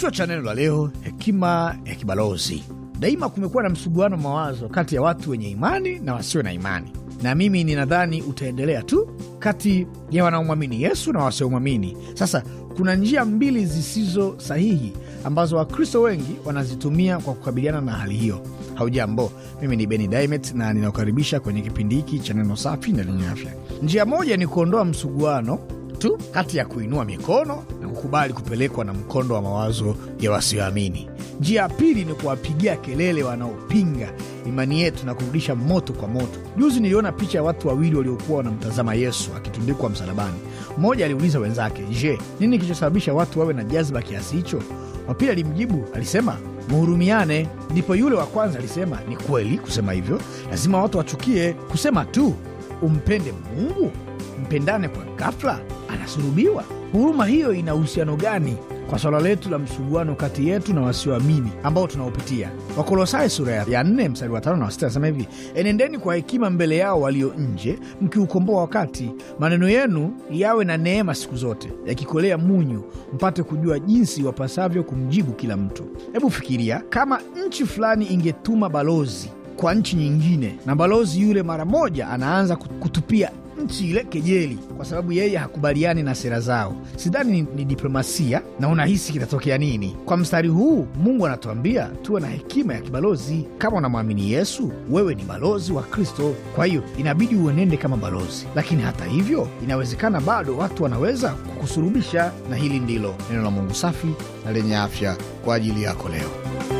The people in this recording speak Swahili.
Kichwa cha neno la leo: hekima ya kibalozi. Daima kumekuwa na msuguano mawazo kati ya watu wenye imani na wasio na imani, na mimi ninadhani utaendelea tu kati ya wanaomwamini Yesu na wasiomwamini. Sasa kuna njia mbili zisizo sahihi ambazo Wakristo wengi wanazitumia kwa kukabiliana na hali hiyo. Haujambo, mimi ni Beni Dimet na ninakukaribisha kwenye kipindi hiki cha neno safi na lenye afya. Njia moja ni kuondoa msuguano tu kati ya kuinua mikono na kukubali kupelekwa na mkondo wa mawazo ya wasioamini. Njia ya pili ni kuwapigia kelele wanaopinga imani yetu na kurudisha moto kwa moto. Juzi niliona picha ya watu wawili waliokuwa wanamtazama Yesu akitundikwa msalabani. Mmoja aliuliza wenzake, je, nini kilichosababisha watu wawe na jazba kiasi hicho? Wa pili alimjibu, alisema muhurumiane. Ndipo yule wa kwanza alisema, ni kweli kusema hivyo, lazima watu wachukie. Kusema tu umpende Mungu, mpendane kwa ghafla akasulubiwa? Huruma hiyo ina uhusiano gani kwa swala letu la msuguano kati yetu na wasioamini ambao tunaopitia? Wakolosai sura ya nne mstari wa tano na wasita nasema hivi: enendeni kwa hekima mbele yao walio nje, mkiukomboa wakati. Maneno yenu yawe na neema siku zote, yakikolea munyu, mpate kujua jinsi wapasavyo kumjibu kila mtu. Hebu fikiria kama nchi fulani ingetuma balozi kwa nchi nyingine na balozi yule mara moja anaanza kutupia nchi ile kejeli, kwa sababu yeye hakubaliani na sera zao. Sidhani ni, ni diplomasia. Na unahisi kitatokea nini kwa mstari huu? Mungu anatuambia tuwe na hekima ya kibalozi. Kama unamwamini Yesu, wewe ni balozi wa Kristo, kwa hiyo inabidi uenende kama balozi. Lakini hata hivyo, inawezekana bado watu wanaweza kukusulubisha. Na hili ndilo neno la Mungu safi na lenye afya kwa ajili yako leo.